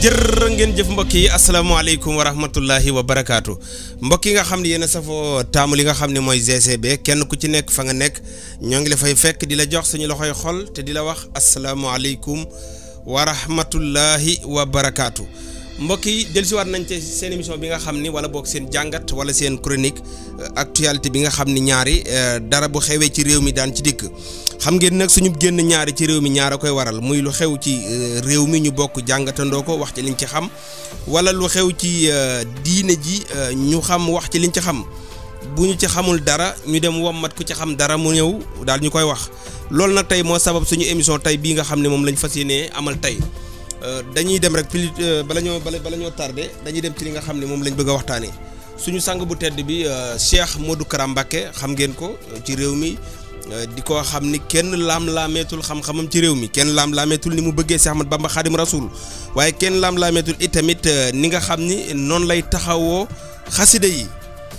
jërë ngeen jëf mbokk yi asalaamaaleykum wa rahmatullahi wa barakaatu mbokk yi nga xam ne yéen a safoo taamu li nga xam ne mooy GCB kenn ku ci nekk fa nga nekk ñoo ngi la fay fekk di la jox suñu loxoy xol te di la wax asalaamaaleykum wa rahmatullahi wa barakaatu. mbokk yi dellusiwaat nañ ci seen émission bi nga xam ni wala boog seen jàngat wala seen chronique euh, actualité bi nga xam ni ñaari euh, dara bu xewee ci réew mi daan ci dikk xam ngeen nag suñu génn ñaari ci réew mi ñaar a koy waral muy lu xew ci euh, réew mi ñu bokk jàngatandoo ko wax ci liñ ci xam wala lu xew ci diine ji ñu xam wax ci liñ ci xam bu ñu ci xamul dara ñu dem mat ku ci xam dara mu ñëw daal ñu koy wax loolu nag tey moo sabab suñu émission tey bii nga xam ne moom lañ fa yéenee amal tey. Euh, dañuy dem rek pili euh, bala ñoo bala ñoo dañuy dem ci li nga xam ne moom lañ bëgg a suñu sang bu tedd bi euh, Cheikh du Kara Mbacké xam ngeen ko ci réew mi di ko xam ni kenn laam-laameetul xam-xamam ci réew mi kenn laam-laameetul ni mu bëggee Cheikh Ahmad Bamba Khadim Rasoul waaye kenn laam-laameetul itamit ni nga xam ni noonu lay taxawoo xasida yi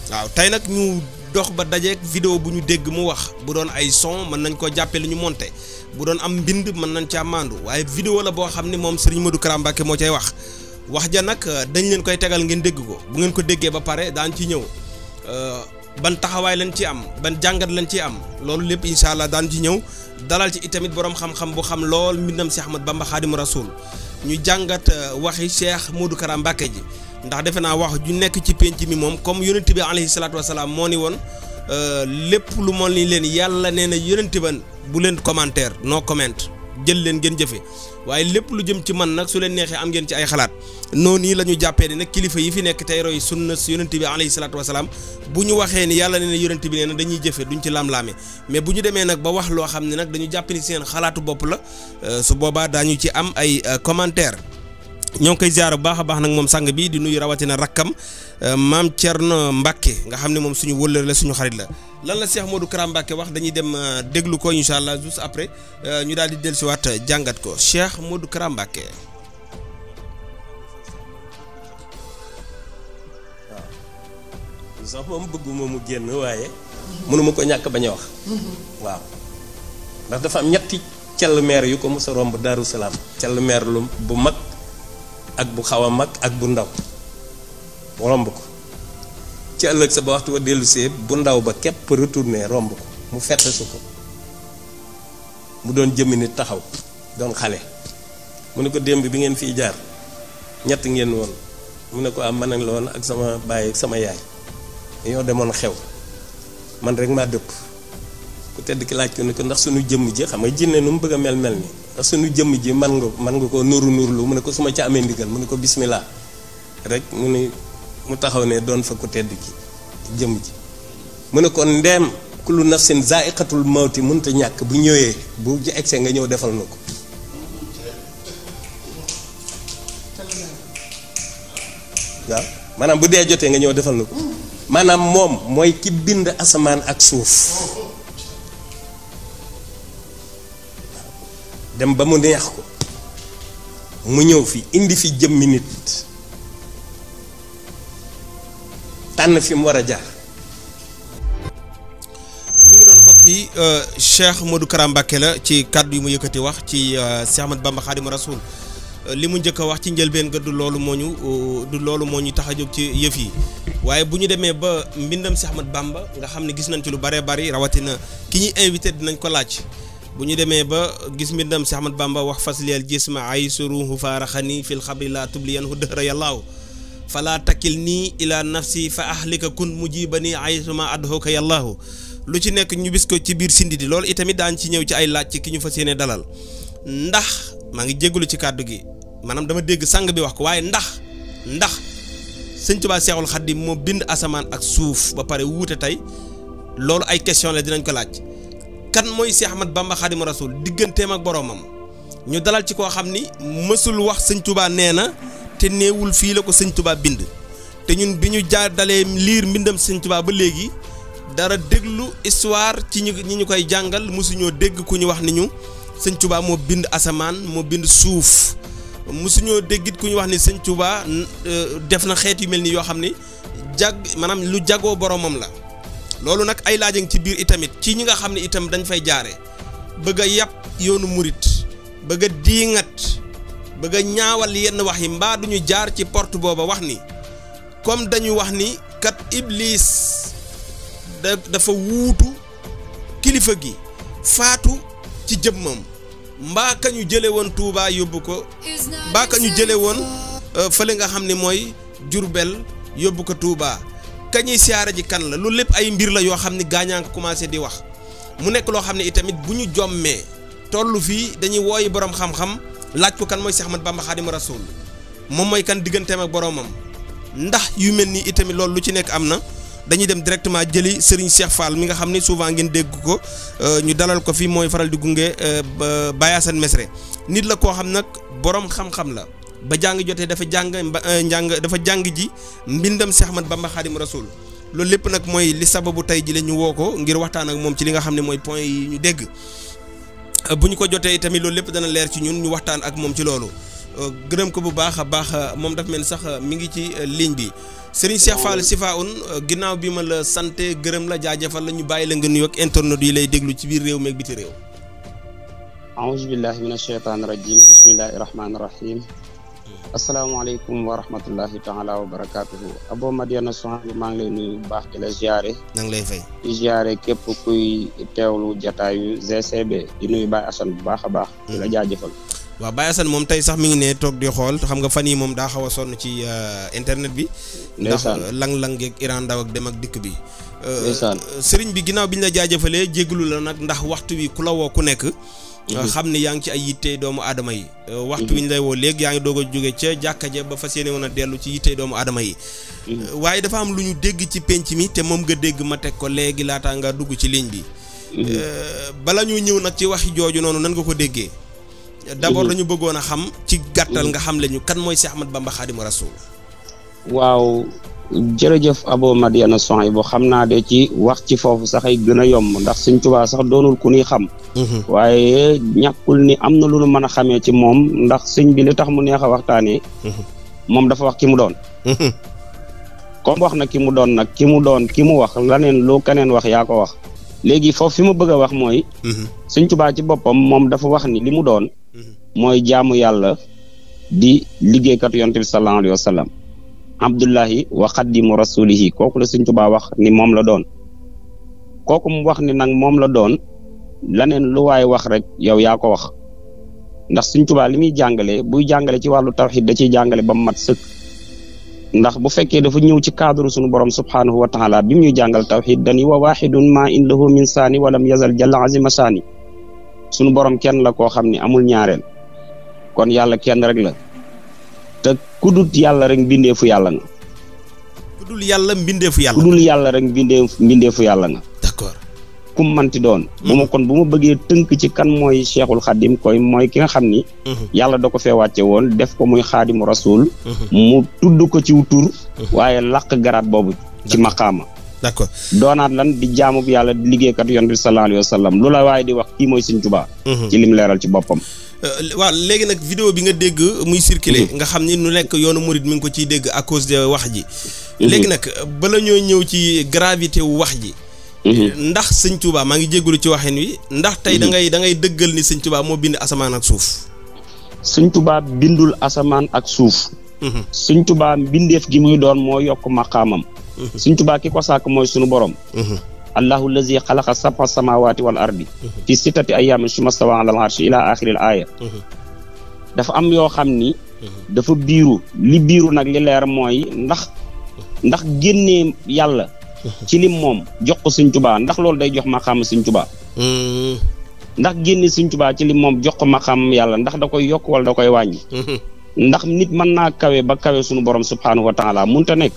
waaw tey nag ñu. dox ba dajeek vidéo bu ñu dégg mu wax bu doon ay son mën nañ koo jàppee li ñu monté bu doon am mbind mën nañ caa maandu waaye vidéo la boo xam ne moom Serigne Modou Kara moo cay wax wax ja nag euh, dañ leen koy tegal ngeen dégg ko bu ngeen ko déggee ba pare daan ci ñëw euh, ban taxawaay lañ ci am ban jàngat lañ ci am loolu lépp incha allah daan ci ñëw dalal ci itamit borom xam-xam bu xam lool mbindam si Ahmad Bamba Xaadimu Rasuul ñu jàngat euh, waxi Cheikh Modou Kara ji ndax defe naa wax ju nekk ci pénc mi moom comme yonent bi alayhi salaatu wasalaam moo ni woon euh, lépp lu moo ni leen yàlla nee na yonent ban bu leen commentaire no comment jël leen ngeen jëfe waaye lépp lu jëm ci man nag su leen neexee am ngeen ci ay xalaat noonu yi la ñu jàppee ni nag kilifa yi fi nekk tey roy sunna yonent bi alayhi salaatu wasalaam bu ñu waxee ni yàlla nee na yonent bi nee na dañuy jëfe duñ ci lam-laame mais bu ñu demee nag ba wax loo xam ne nag dañu jàpp seen xalaatu bopp la euh, su boobaa daañu ci am ay euh, commentaire ñoo ngi koy ziar bu baax a baax nag moom sang bi di nuyu rawatina rakkam euh, maam Thierno Mbacke nga xam ne moom suñu wëllër la suñu xarit la lan la Cheikh Modou Kara Mbacke wax dañuy dem euh, déglu ko incha allah juste après euh, ñu daal di dellusiwaat jàngat ko Cheikh Modou Kara Mbacke. waaw moom bëgguma mu génn waaye. mënuma ko ñàkk bañ a wax. waaw ndax dafa am ñetti cell meer yu ko mos a romb Darou Salaam. cell meer lu bu mag. ak bu xaw a mag ak bu ndaw romb ko ci ëllëg sa ba waxtu wa dellusee bu ndaw ba képp retourné romb ko mu fettesu ko mu doon jëmmi nit taxaw doon xale mu ne ko démb bi ngeen fiy jaar ñett ngeen woon mu ne ko am ah, man ak la woon ak sama baay sama yaay yoo demoon xew man rek maa dëpp ku tedd ki laaj ko ne ko ndax suñu jëmm ji xam nga jinne nu mu bëgg mel mel nii ndax suñu jëmm ji man nga man nga koo nuru nurlu mu ne ko su ma ca amee ndigal mu ne ko bismillah rek mu ne mu taxaw ne doon fa ku tedd ki jëmm ji mu ne ko ndeem kullu nafsin zaiqatul mawti mënta ñàkk bu ñëwee bu ci egsee nga ñëw defal na ko waaw maanaam bu dee jotee nga ñëw defal na ko maanaam moom mooy ki bind asamaan ak suuf dem ba mu neex ko mu ñëw fi indi fi jëmmi nit tànn fi mu war a jaar mu ngi noonu mbokk yi euh, la ci kàddu yu mu yëkkati wax ci euh, Cheikh Ahmad Bamba Khadimu Rasoul euh, li mu njëkk a wax ci njëlbeen ga du loolu moo ñu du loolu moo ñu tax a jóg ci yëf yi waaye bu ñu demee ba mbindam Cheikh Ahmad Bamba nga xam ne gis nañ ci lu bare bari rawatina ki ñuy invité dinañ ko laaj bu ñu demee ba gis mbindam si Ahmad Bamba wax fasliyal jisma ay suruhu faaraxani fil xabri laa tubliyan hu dëhra yallaahu falaa takkil nii ila nafsi fa ahlika kun mujibani aysuma adhoka yallaahu lu ci nekk ñu bis ko ci biir sindi di loolu itamit daan ci ñëw ci ay laaj ci ki ñu fas yéene dalal ndax maa ngi jégalu ci kàddu gi maanaam dama dégg sang bi wax ko waaye ndax ndax sëñ Tuubaa Seexul Xadiim moo bind asamaan ak suuf ba pare wuute tey loolu ay question la dinañ ko laaj kan mooy Cheikh Ahmad Bamba Xaadimu Rasuul digganteem ak boroomam ñu dalal ci koo xam ni mësul wax sëñ Touba nee na te néewul fii la ko sëñ Touba bind te ñun bi ñu jaar dalee liir mbindam sëñ ba léegi dara déglu histoire ci ñi ñi ñu koy jàngal mosuñoo dégg ku ñu wax ni ñu sëñ moo bind asamaan moo bind suuf mosuñoo déggit ku ñu wax ni sëñ Touba euh, def na xeet yu mel ni yoo xam ni jag maanaam lu jagoo boroomam la. loolu nag ay laaj ci biir itamit ci ñi nga xam ne itam dañ fay jaare bëgg a yàpp yoonu murit bëgg a diiŋat bëgg ñaawal yenn wax yi mbaa duñu jaar ci port booba wax ni comme dañu wax ni kat ibliis dafa wuutu kilifa gi faatu ci jëmmam mbaa ka ñu jële woon Touba yóbbu ko mbaa ka ñu jële woon euh, fële nga xam ni mooy Jurbel yóbbu ko tuubaa kañuy siyaare ji kan la loolu lépp ay mbir la yoo xam ni gaañaa nga commencé di wax mu nekk loo xam ne itamit bu ñu jommee tollu fii dañuy wooyi borom xam-xam laaj ko kan mooy Cheikh man Bamba Xaadimu Rasuul moom mooy kan digganteem ak boromam ndax yu mel nii itamit loolu lu ci nekk am na dañuy dem directement jëli Serigne Cheikh Fall mi nga xam ni souvent ngeen dégg ko euh, ñu dalal ko fi mooy faral di gunge euh, Bayasan Mesre nit la koo xam nag borom xam-xam la. ba jàng jotee dafa jàng euh, njàng dafa jàng ji mbindam Seex Ahmad Bamba Xaadim Rasul loolu lépp nag mooy li sababu tey ji la ñu woo ko ngir waxtaan ak moom ci li nga xam ne mooy point yi ñu dégg euh, bu ñu ko jotee tamit loolu lépp dana leer ci ñun ñu waxtaan ak moom ci loolu euh, gërëm ko bu baax a baax moom dafa mel sax mi ngi ci ligne bi Serigne Cheikh Fall Sifaoun ginnaaw bi ma la santé gërëm la jaajëfal la ñu bàyyi la nga nuyu ak internet yi lay déglu ci biir réew meeg biti réew. aouzu billahi mina shaytaani rajim bismillahi rahmaani rahim. asalaamaaleykum wa rahmatullahi taala wa barakaatuhu abo madiana soxna maa ngi lay nuyu bu baax di la ziare na ngi lay fay di ziare képp kuy teewlu jataayu GCB di nuyu Baye Assane bu baax a baax di la mm-hmm. jaa jëfal waaw Baye Assane moom tey sax mi ngi ne toog di xool xam nga fan yi moom daa xaw a sonn ci euh, internet bi ndax lang-lang geeg Iran daw ak dem ak dikk bi euh, sëriñ euh, bi ginnaaw bi ñu la jaajëfalee jégalu la nag ndax waxtu wi ku la woo ku nekk Mhm. xam ni yaa ngi ci ay yittey doomu aadama yi euh, waxtu mhm. wi ñu lay woo léegi yaa ngi doo ko jóge ca jàkka ja ba fas yéene woon a dellu ci yittey doomu adama yi mhm. euh, waaye dafa am lu ñu dégg ci pénc mi te moom nga dégg ma teg ko léegi laataa nga dugg ci ligne bi euh, bala ñu ñëw nag ci waxi jooju noonu nan nga ko déggee d'abord dañu bëggoon a xam ci gàttal nga xam le ñu kan mooy Seex Ahmad Bamba Xaadimu Rasuul waaw jërëjëf abo madiana son yi bu xam naa de ci wax ci foofu sax ay gën a yomb ndax suñ tubaa sax doonul ku ñuy xam mm-hmm. waaye ñàkkul ni am na lu nu mën a xamee ci moom ndax sëñ bi li tax mu neex a waxtaanee mm-hmm. moom dafa wax ki mu doon mm-hmm. comme wax na ki mu doon nag ki mu doon ki mu wax laneen lu keneen wax yaa ko wax léegi foofu fi ma bëgg a wax mooy sëñ tubaa ci boppam moom dafa wax ni li mu doon mooy jaamu yàlla di liggéeykatu yonte bi sallallahu alayhi wa abdullahi wa xaddimu rasulihi kooku la sëñ Tuubaa wax ni moom la doon kooku mu wax ni nag moom la doon laneen lu waay wax rek yow yaa ko wax ndax suñ Tuubaa li muy jàngale buy jàngale ci wàllu tawxid da ciy jàngale ba mu mat sëkk ndax bu fekkee dafa ñëw ci cadre suñu borom subhaanahu wa taala bi mu ñuy jàngal tawxid dani wa waxidun ma in lahu min saani walam yazal jalla azima saani sunu borom kenn la koo xam ni amul ñaareel kon yàlla kenn rek la ku yàlla rek mbindeefu yàlla nga. ku dul yàlla mbindeefu yàlla. yàlla rek mbindeefu mbindeefu yàlla nga. d'accord ku manti doon. Mm-hmm. bu ma kon bu ma bëggee tënk ci kan mooy Cheikhul Khadim koy mooy ki nga xam ni. Mm-hmm. yàlla da ko fee wàcce woon def ko muy xaadimu rasul. Mm-hmm. mu tudd ko ci wutur. waaye laq garaat boobu ci maqaama. d'accord doonaat lan di jaamu yàlla di liggéeykat yonent bi sallallahu alayhi wa sallam lu la waaye di wax kii mooy Sëñ Tuubaa mhm. ci lim leeral ci boppam euh, waaw léegi nag vidéo bi nga dégg muy circuler mhm. nga xam ni nu nekk yoonu murid mi ngi ko ci dégg à cause de wax ji mhm. léegi nag bala ñoo ñëw ci gravité wu wax ji ndax Sëñ tubaa maa ngi jégalu ci waxin wi ndax tey da ngay da dëggal ni Sëñ Tuubaa moo bind asamaan ak suuf Sëñ Tuubaa bindul asamaan ak suuf Sëñ mbindeef gi muy doon moo yokk maqaamam suñ tubaa ki ko sàkk mooy suñu borom mhm. allahu lazi xalaqa sab'a samawati wal ardi mhm. fi sittati ayaamin summa stawa ala al arshi ila axiril aaya mhm. dafa am yoo xam ni dafa biiru li biiru nag li leer mooy ndax ndax génnee yàlla ci lim moom jox ko suñ tubaa ndax loolu day jox ma xam suñ tubaa ndax génne suñ tubaa ci lim moom jox ma xam yàlla ndax da koy yokk wala da koy wàññi ndax nit mën naa kawe ba kawe suñu borom subhaanahu wa taala munta nekk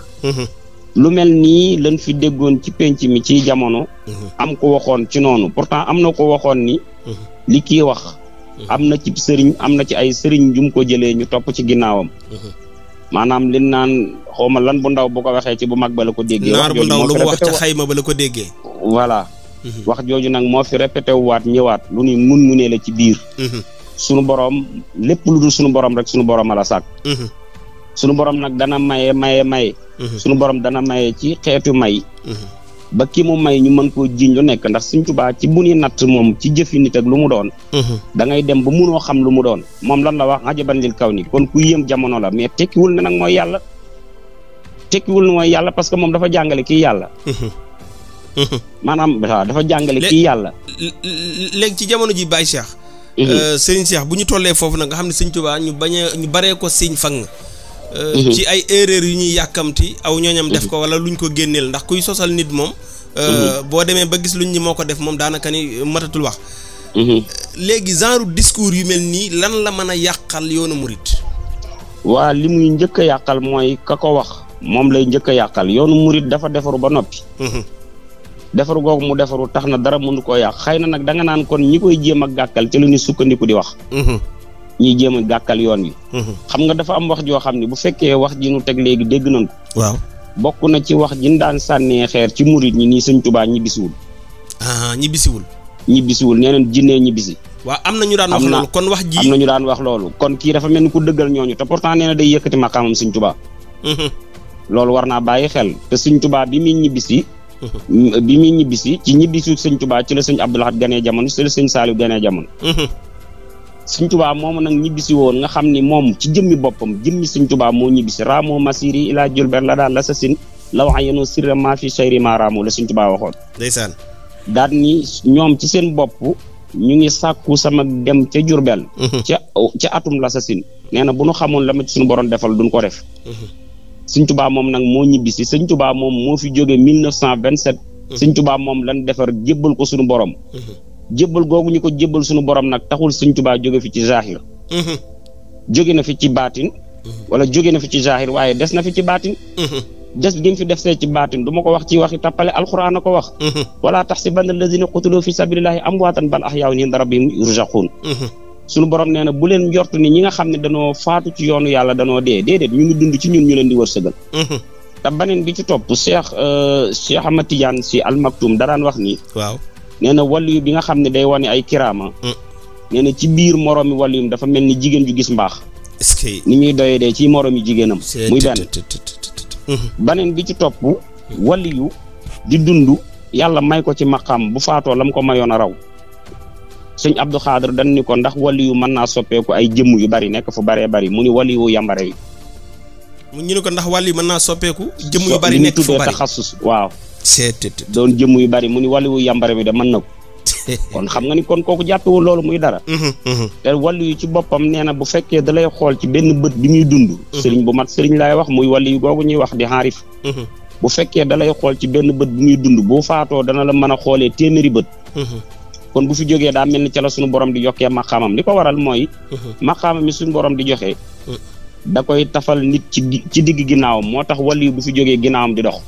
lu mel nii lañ fi déggoon ci penc mi ci jamono. Mhm. am ko waxoon ci noonu pourtant am na ko waxoon ni. Mhm. li kii wax. Mhm. am na ci sëriñ am na ci ay sëriñ jum ko jëlee ñu topp ci ginnaawam. maanaam li naan xawma lan bu ndaw bu ko waxee ci bu mag ba la ko déggee. naar bu ndaw xayma ba la ko déggee. voilà. wax jooju nag moo fi répété waat ñëwaat lu nuy mun munee la ci biir. sunu borom lépp lu dul sunu borom rek sunu borom a la sàkk. sunu borom nag dana maye maye maye. Mhm. sunu borom dana maye ci xeetu may. Mhm. ba ki mu may ñu mën koo jiiñ lu nekk ndax suñ tubaa ci bu ñuy natt moom ci jëfi nit ak lu mu doon mhm. dangay dem ba munoo xam lu mu doon moom lan la wax ajaban lil kaw ni kon ku yéem jamono la mais tekkiwul na nag mooy yàlla tekkiwul ne mooy yàlla parce que moom dafa jàngale kii yàlla maanaam dafa jàngale kii yàlla léegi ci jamono ji Baye Cheikh euh, Serigne Cheikh bu ñu tollee foofu na nga xam ne suñ tubaa ñu bañ ñu baree ko siñ fan Euh, mhm. ci ay erreur yu ñuy yàkkamti aw ñooñam def mhm. ko wala luñ ko génneel ndax kuy sosal nit moom euh, mhm. boo demee ba gis luñ ni moo ko def moom daanaka ni matatul wax euh, léegi genre discours yu mel nii lan la mën a yàqal yoonu murit waa li muy njëkk yàqal mooy ka ko wax moom lay njëkk yàqal yoonu murit dafa defaru ba noppi defaru googu mu defaru tax na dara mënu koo yàq xëy na nag danga naan kon ñi koy jéem a gàkkal ci lu ñu sukkandiku di wax ñuy jéem a gàkkal yoon yi mhm. xam nga dafa am wax joo xam ne bu fekkee wax ji nu teg léegi dégg nañ waaw bokk na ci wax ji daan sànnee xeer ci murit ñi nii sëñ tubaa ñi bisiwul ah ñi ñibbisi ñi bisiwul nee nañ jinnee ñi am na ñu daan wax loolu kon wax ji am na ñu daan wax loolu kon kii dafa mel ni ku dëggal ñooñu te pourtant nee na day yëkkati maqaamam sëñ Tuubaa mhm. loolu war naa bàyyi xel te sëñ Tuubaa bi muy ñibbisi mhm. bi muy ñibbisi ci ñibbisi sëñ Tuubaa ci la sëñ Abdul Ahad ganee jamono ci la sëñ Saaliw ganee jamono Sëñ Tuubaa moomu nag ñibbisi woon nga xam ni moom ci jëmmi boppam jëmmi suñ tubaa moo ñibbisi raamoo masiri ilaa julber la daan la sa sin la wax yéen sirra maa fi sayri maa raamu la Sëñ Tuubaa waxoon. ndeysaan daal ni ñoom ci seen bopp ñu ngi sàkku sama dem ca Jurbel. Mhm. ca ca atum la sa na bu nu xamoon la ma suñu borom defal duñ ko def. Mhm. Sëñ Tuubaa moom nag moo ñibbisi Sëñ Tuubaa moom moo fi jógee 1927. Sëñ Tuubaa moom lañ defar jébbal ko suñu borom. Mhm. jébbal googu ñu ko jébbal suñu borom nag taxul sëñ Tuubaa jóge fi ci zahir mhm. jóge na fi ci baatin mhm. wala jóge na fi ci zahir waaye des na fi ci baatin mhm. des gi fi def see ci baatin du ma ko wax ci waxi tappale alxuraan a ko wax wala taxsibanna allazina qutilu fi sabilillahi amwaatan bal ahyaun inda rabbihim yurzaquun suñu borom nee na bu leen njortu ni ñi nga xam ne danoo faatu ci yoonu yàlla danoo dee déedéet ñu ngi dund ci ñun ñu leen di wërsëgal te baneen bi ci topp Cheikh euh, Cheikh a Tidiane si almaktum daraan nee na waliyu bi nga xam ne day wane ay kiraama. Mm. nee ci biir moroomi waliyum dafa mel ni jigéen ju gis mbaax. ni muy doyee de ci moroomi jigéenam. muy benn beneen bi ci topp. waliyu di dund yàlla may ko ci maqam bu faatoo lam ko mayoon a raw. sëñ Abdou Khadre dañ ni ko ndax waliyu mën naa soppeeku ay jëmm yu bari nekk fu baree bari mu ni waliyu yambare yi. mu ñu ne ko ndax waliyu mën naa soppeeku. jëmm yu bari nekk fu bari waaw. seet doon jëmm yu bari mu ni wàllu yàmbare bi de mën na ko kon xam nga ni kon kooku jàppewul loolu muy dara mhm, mhm. te wàllu ci boppam nee na bu fekkee da lay xool ci benn bët bi muy dund mhm. sëriñ bu mat sëriñ laay wax muy wàllu yu ñuy wax di xaarif bu fekkee da lay xool ci benn bët bi muy dund boo faatoo dana la mën a xoolee téeméeri bët kon bu fi jógee daa mel ni ca la suñu borom di yokkee maqaamam li ko waral mooy maqaama mi suñu borom di joxe. da koy tafal nit ci ci digg ginnaawam moo tax wàllu bu fi jógee ginnaawam di dox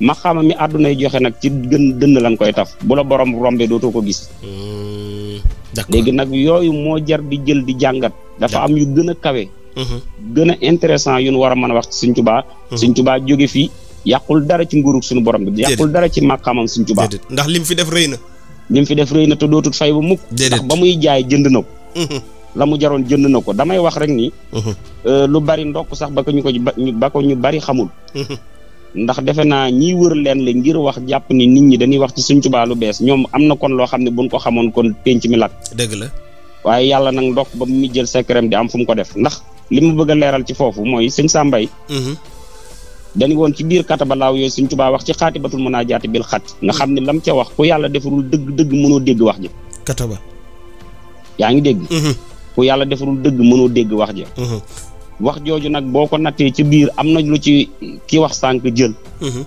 maxaama mi yi joxe nag ci gën dënn lan koy taf bu la borom rombe dootoo ko gis. Hmm, d'accord léegi nag yooyu moo jar di jël di jàngat. dafa am yu gën a kawe. Hmm. gën a intéressant yu nu war a mën a wax ci Sëñ Tuubaa. Hmm. Sëñ Tuubaa jóge fii yàqul dara ci nguurug suñu borom bi. yàqul dara ci maxaamam suñ Tuubaa. ndax lim fi def rëy na. lim fi def rëy na te dootul fay ba mukk. ndax ba muy jaay jënd na ko. la mu jaroon jënd na ko damay wax rek ni. Euh, lu bari ndokk sax ba ko ñu ba ko bari xamul. ndax defe naa ñiy wër leen li ngir wax jàpp ni nit ñi dañuy wax ci Sëñ Tuubaa lu bees ñoom am na kon loo xam ne buñ ko xamoon kon penc mi lakk. dëgg la waaye yàlla nag ndox ba mu jël secret di am fu mu ko def ndax li mu bëgg leeral ci foofu mooy Sëñ mbay mhm. dañu woon ci biir kata ba laaw yooyu Sëñ Tuubaa wax ci xaatibatul munaajaati bil xat nga xam ne lam ca wax ku yàlla defarul dëgg dëgg mënoo dégg wax ji. kataba yaa ngi dégg. Mhm. yàlla defarul dëgg mënoo dégg wax ji. Mhm. wax jooju nag boo ko nattee ci biir am na lu ci ki wax sànq jël. Mhm.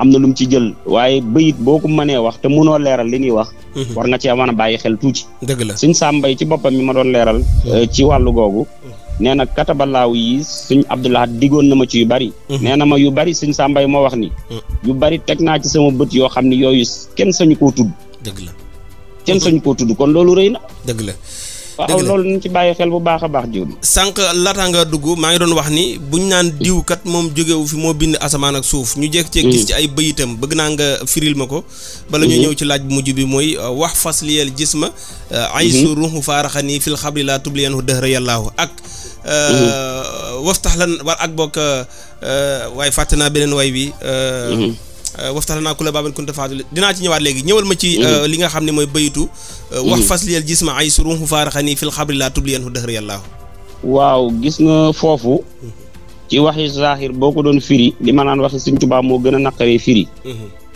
am na lu mu ci jël waaye bayit boo ko mënee wax te mënoo leeral li ñuy wax. Mhm. war nga cee mën a bàyyi xel tuuti. dëgg la suñ sàmbay ci boppam mi ma doon leeral. Mhm. Euh, ci wàllu googu. nee na katabalaaw yi suñ Abdullah diggoon na ma ci yu bari. nee na ma yu bari suñ sàmbay moo wax ni. yu bari teg naa ci sama bët yoo xam ni yooyu kenn sañu koo tudd. dëgg la kenn sañu koo tudd kon loolu rey na. dëgg la. waaw loolu ñu ci bàyyi xel bu baax a baax jiw sànq laata dugg maa ngi doon wax ni buñ naan mm. diwkat moom jógewu fi moo bind asamaan ak suuf ñu jekk cee gis mm. ci ay bëyitam bëgg naa nga firil ma ko bala ñu mm-hmm. ñëw ci laaj bu mujj bi mooy uh, wax fas liyel gis ma uh, mm-hmm. ay su ruuxu faaraxani fil xabri laa tubliyanhu dëhra yàllaahu ak uh, mm-hmm. waftax lan war ak bokk waaye fàtte naa beneen way bi Euh, waftala naa kula baaban kunta faadul dinaa ci ñëwaat léegi ñëwal ma ci mm-hmm. euh, li nga xam ne mooy bayitu euh, wax gis mm-hmm. ma ay surumhu faaraxani fil xabri laa tubliyan hu dëhëri yàllaahu waaw gis nga foofu mm-hmm. ci waxi zahir boo ko doon firi li ma naan waxi sëñ tubaa moo gën a naqaree firi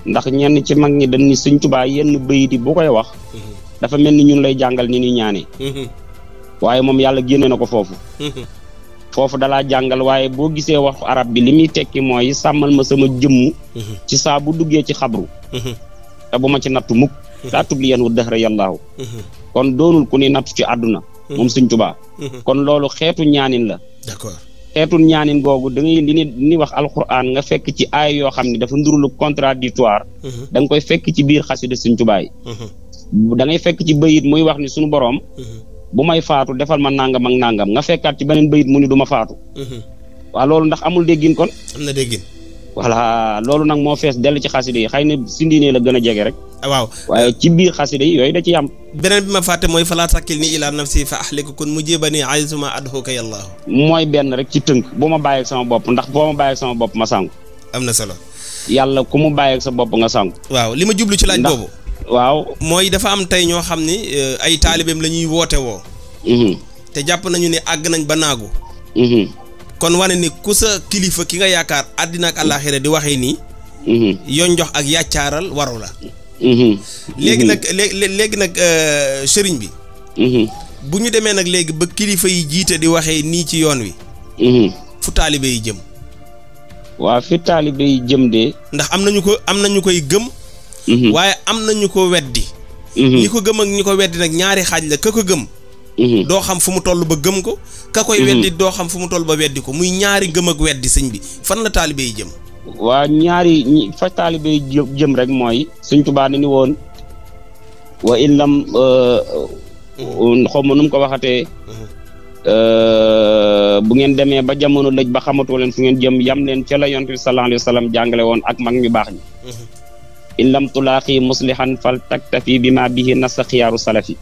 ndax ñenn ci mag ñi dañ ni sëñ tubaa yenn bayit yi bu koy wax dafa mel ni ñun lay jàngal ni ñuy ñaane waaye moom yàlla génne na ko foofu foofu dalaa jàngal waaye boo gisee wax arab bi li muy tekki mooy sàmmal ma sama jëmm mhm. ci saa bu duggee ci xabru mhm. te bu ma ci nattu mukk mhm. laa tubli yan wu dëxra yàllaahu kon doonul ku ni nattu ci àdduna moom Sëñ Tuubaa kon loolu xeetu ñaanin la d'accord xeetu ñaanin googu da ngay li ni ni wax alquran nga fekk ci aay yoo xam ne dafa ndurulu contradictoire da nga koy fekk ci biir xasida Sëñ Tuubaa yi fekk ci bayit muy wax ni sunu boroom bu may faatu defal ma nangam ak nangam nga fekkaat ci beneen bayit mu ni du ma faatu. Mhm. waaw loolu ndax amul déggin kon. am na déggin. voilà loolu nag moo fees dell ci xasida yi xëy na sindiine la gën jege rek. Ah, waaw waaye ci biir xasida yi yooyu da ci am. beneen bi ma fàtte mooy falaa ni ilaa nafsii fa ahliku kon mu mujibanii haysumaa adhuuka yallaahu. mooy benn rek ci tënk bu ma bàyyeeg sama bopp ndax boo ma bàyyeeg sama bopp ma sànku. am na solo. yàlla ku mu bàyyeeg sa bopp nga sànku. waaw li ma jublu ci laaj boobu. waaw mooy dafa am tey ñoo xam ni euh, ay taalibeem la ñuy woote woo. Mhm. te jàpp nañu ne àgg nañ ba naagu. Mhm. kon wane ni ku sa kilifa ki nga yaakaar àddina ak àllaaxira di waxe nii. Mhm. yoon jox ak yàccaaral waru la. léegi nag léegi euh, nag sëriñ bi. bu ñu demee nag léegi ba kilifa yi jiite di waxee nii ci yoon wi. fu taalibe jëm. waa fi taalibe jëm de. ndax am nañu ko am nañu koy gëm. Mm-hmm. waaye am na ñu ko weddi mm-hmm. ñi ko gëm ak ñi ko weddi nag ñaari xaaj la ka ko gëm mm-hmm. doo xam fu mu toll ba gëm ko ka koy weddi doo xam fu mu toll ba weddi ko muy ñaari gëm ak weddi sëñ bi fan la taalibe yi jëm waa ñaari fa taalibe jëm rek mooy suñ tubaa ni woon wa in lam uh, xaw ma nu mu ko waxatee uh, bu ngeen demee ba jamono lëj ba xamatoo leen fu ngeen jëm yam leen ca la yonent bi sallallahu alayhi wa ak mag ñu baax ñi in lam tulaaqi muslihan fal taktafi bi ma bihi sa xiyaaru salafi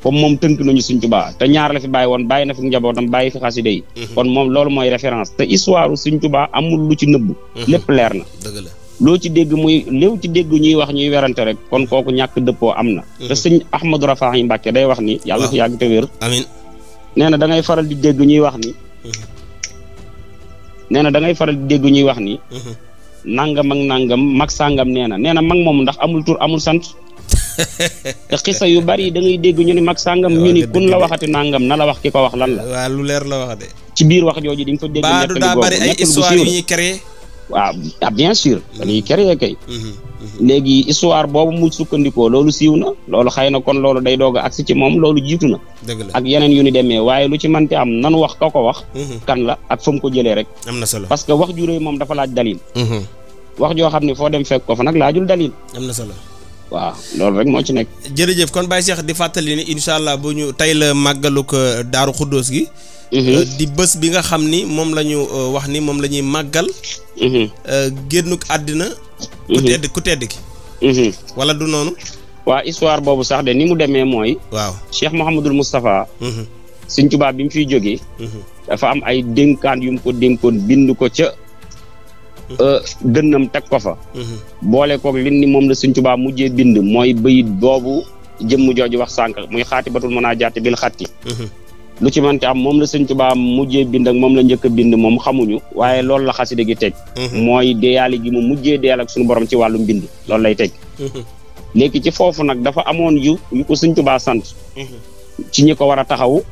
comme mhm. moom tënk nañu suñ tubaa te ñaar la fi bàyyi woon bàyyi na fi njabootam bàyyi fi xasida yi mhm. kon moom loolu mooy référence te histoire suñ tubaa amul lu ci nëbb mhm. lépp leer na dëgg la loo ci dégg muy léew ci dégg ñuy wax ñuy werante rek kon kooku ñàkk dëppoo am na te sëñ ahmadou rafax yi mbàkke day wax ni yàlla na fi yàgg te wér amiin nee na da faral di dégg ñuy wax ni nee na da ngay di dégg ñuy wax ni nangam ak nangam mag sàngam nee na nee na mag moom ndax amul tur amul sant te xisa yu bari da ngay dégg ñu ni mag sàngam ñu ni kun la waxati nangam na la wax ki ko wax lan la. lu leer la wax ci biir wax jooju di nga fa dégg. ñett li bari ay histoire yu ñuy créer. waaw ah bien mm-hmm. mm-hmm, mm-hmm. léegi histoire boobu mu sukkandikoo loolu siiw na loolu xëy na kon loolu day doog a agsi ci moom loolu jiitu na. ak yeneen yu ni demee waaye lu ci mënti am nanu wax ka ko wax. kan la ak fa mu ko jëlee rek. am na solo parce que wax ju moom dafa laaj dalil. wax joo xam ne foo dem fekk ko fa nag laajul dalil. am na solo. waaw loolu rek moo ci nekk. jërëjëf kon Baye Cheikh di fàttali ni incha allah bu ñu tey la màggaluk euh, daaru xuddoos gi. Mhm. Euh, di bés bi nga xam ni moom lañu euh, wax ni moom lañuy màggal. Mhm. génnuk àddina. ku mhm. tedd ku tedd ki. wala du noonu. waa histoire boobu sax de ni mu demee mooy. waaw Cheikh Mouhamadul Moustapha. Sëñ Tuubaa bi mu fiy jógee. dafa am ay dénkaan yu mu ko dénkoon bind ko ca. dënnam teg ko fa. boole koog li ni moom la Sëñ Tuubaa mujjee bind mooy bayit boobu jëmm jooju wax sànq muy xaati batul mën a jaati bil xatti. lu ci mënti am moom la Sëñ Tuubaa mujjee bind ak moom la njëkk a bind moom xamuñu waaye loolu la xasida gi teg. Mhm. mooy deyaali gi mu mujjee deyal ak suñu borom ci wàllu bind loolu lay teg. Mhm. léegi ci foofu nag dafa amoon yu yu ko Sëñ Tuubaa sant. Mhm. ci ñi ko war a taxawu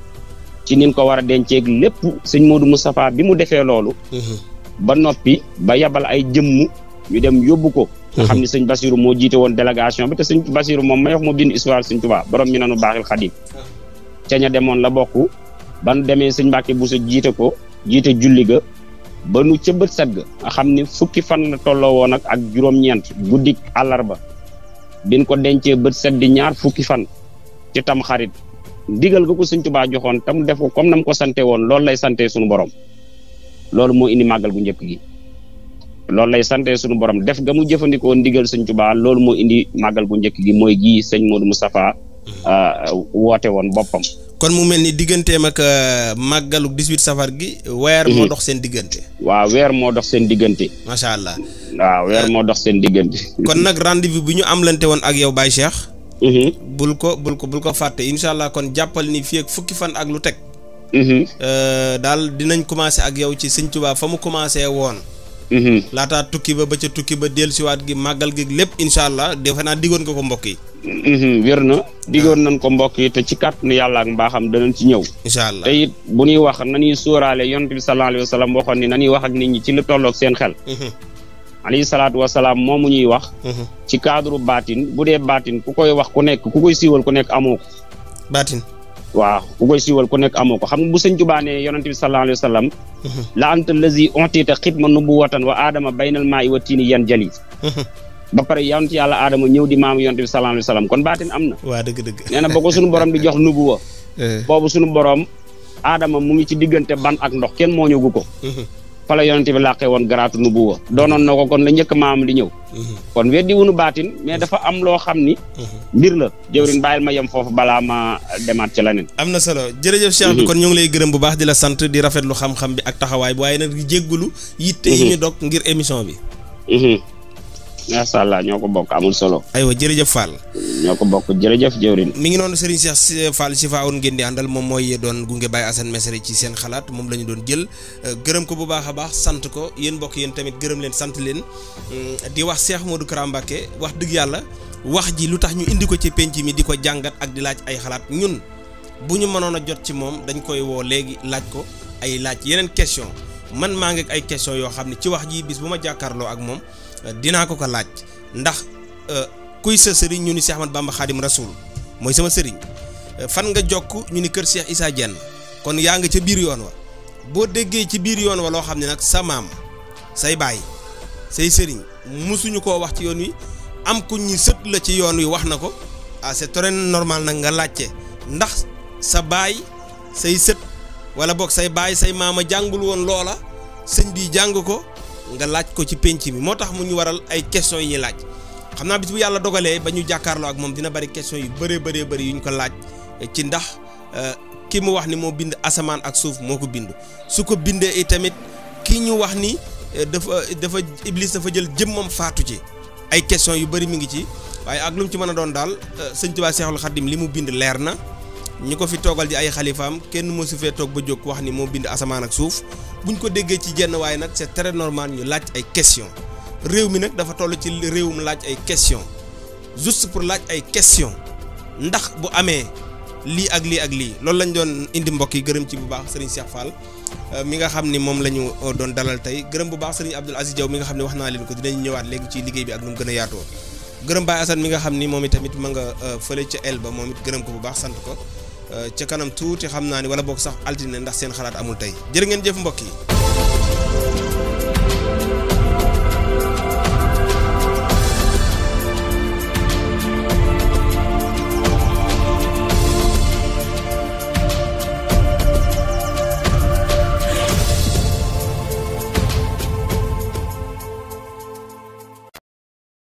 ci nin ko war a denceeg lépp sëñ Modou Moustapha bi mu defe loolu. ba noppi ba yabal ay jëmm ñu dem yóbbu ko. nga mhm. xam ne sëñ Basiru moo jiite woon délégation bi te sëñ Basiru moom may wax moo bind histoire sëñ Tuubaa borom mi na baaxil xadim mhm. ca ña demoon la bokk ba nu demee sëñ bu Buso jiite ko jiite julli ga ba nu ca bët ga nga xam ni fukki fan la tolloo woon ak ak juróom-ñeent guddik àllarba bin ko dencee bët set ñaar fukki fan ci tam xarit ndigal ga ko sëñ Tuubaa joxoon tam def ko comme nam ko sante woon loolu lay sante suñu borom loolu moo indi màggal gu njëkk gi loolu lay sante suñu borom def ga mu jëfandikoo ndigal sëñ Tuubaa loolu moo indi màggal gu njëkk gi mooy gii sëñ Modou Moustapha mhm. ah, woote woon boppam. kon mu mel ni digganteem ak euh, màggalu 18 safar gi. weer moo mhm. dox seen diggante. waaw weer moo dox seen diggante. macha allah. waaw weer euh, moo dox seen diggante. kon nag rendez-vous bi ñu amlante woon ak yow Baye Cheikh. Mhm. bul ko bul ko bul ko fàtte incha allah kon jàppal ni fii fukki fan ak lu teg. Mm-hmm. Euh, daal dinañ commencé ak yow ci sëñ Tuubaa fa mu commencé woon. Mm-hmm. laataa tukki ba ba ca tukki ba dellusiwaat gi màggal gi lépp incha allah defe naa diggoon nga ko mbokk yi. Mm-hmm. wér na diggoon nañ ko mbokk yi te ci kat yàlla ak mbaaxam danañ ci ñëw. incha allah te bu ñuy wax nañuy sóoraale yonent bi sallallahu alayhi wa sallam ni nañuy wax ak nit ñi ci lu tolloog seen xel. alayhi salaatu wa salaam moomu ñuy wax. ci cadre baatin bu dee baatin ku koy wax ku nekk ku koy siiwal ku nekk amoo ko. baatin. waaw ku koy siiwal ku nekk amoo ko xam nga bu sëñ Tuubaa ne yonente bi sallallahu alayhi wa sallam mhm. la anta lazi ontita xitma tan wa aadama baynal maa'i wa tiini yan jali mhm. ba pare yonent yàlla aadama ñëw di maamu yonente bi sallallahu alayhi wa sallam kon baatin am na waa dëgg dëgg nee na ba ko suñu borom di jox nubuwa eh. boobu suñu boroom aadama mu ngi ci diggante ban ak ndox kenn moo ñëgu ko mhm. fa la bi làqee woon garaatu nubuwa doonoon na ko kon la njëkk maam di ñëw mhm. kon weddi wunu baatin mais dafa am loo xam ni mhm. mbir la jëwriñ bàyyil ma yem foofu balaa ma demaat ci leneen am na solo jërëjëf Cheikh bi mhm. kon ñu ngi lay gërëm bu baax di la sant di rafetlu xam-xam bi ak taxawaay bi waaye nag jéggulu yitte yi ñu dog ngir émission bi macha allah ñoo ko bokk amul solo. aywa jërëjëf Fall. ñoo ko bokk jërëjëf jëwrin mi ngi noonu Serigne Cheikh Fall si faawoon ngeen di àndal moom mooy doon gunge Baye Assane Mesere ci seen xalaat moom la doon jël euh, gërëm ko bu baax a baax sant ko yéen bokk yéen tamit gërëm leen sant leen di wax Cheikh Modou Kara Mbacké wax dëgg yàlla wax ji lu tax ñu indi ko ci penc mi di ko jàngat ak di laaj ay xalaat ñun bu ñu mënoon a jot ci moom dañ koy woo léegi laaj ko ay laaj yeneen question man maa ngi ay question yoo xam ne ci wax ji bis bu ma jàkkaarloo ak moom dinaa ko ko laaj ndax euh, kuy sa sëriñ ñu ni Cheikh Ahmad Bamba Khadim Rasoul mooy sama sëriñ euh, fan nga jokk ñu ni kër Cheikh isaa Diène kon yaa nga ca biir yoon wa boo déggee ci biir yoon wa loo xam ne nag sa maam say baay say sëriñ musuñu ko wax ci yoon wi am ku ñi sët la ci yoon wi wax na ko ah c'est très normal nag nga laajte ndax sa baay say sët wala boog say baay say maama jàngul woon loola sëñ bi jàng ko nga laaj ko ci pénc mi moo tax mu ñu waral ay question yi laaj xam naa bis bu yàlla dogalee ba ñu jàkkaarloo ak moom dina bari questions yu bëree bëree bëri yu ñu ko laaj eh, ci ndax eh, ki mu wax ni moo bind asamaan ak suuf moo ko bind su ko bindee tamit ki ñu wax ni eh, dafa dafa Iblis dafa jël jëmmam faatu ci ay questions yu bëri mu ngi ci waaye ak lu ci mën a doon daal sëñ Tuubaa Seexul Xaddim li mu bind leer na. ñi ko fi toogal di ay xalifaam kenn mësu fee toog ba jóg wax ni moo bind asamaan ak suuf buñ ko déggee ci jenn waaye nag c'est tere normal ñu laaj ay question réew mi nag dafa toll ci réewum laaj ay question juste pour laaj ay question ndax bu amee lii ak lii ak lii loolu lañ doon indi mbokk yi gërëm ci bu baax Serigne Cheikh Fall euh, mi nga xam ni moom la ñu euh, doon dalal tey gërëm bu baax Serigne Abdoul Aziz Diaw mi nga xam ne wax naa leen ko dinañ ñëwaat léegi ci liggéey bi ak nu mu gën a yaatoo gërëm xam ni moom itamit ma nga euh, fële ca el moom it gërëm ko bu baax sant ko ca kanam tuuti xam naa ni wala boog sax altine ndax seen xalaat amul tey jër ngeen jëf mbokk yi.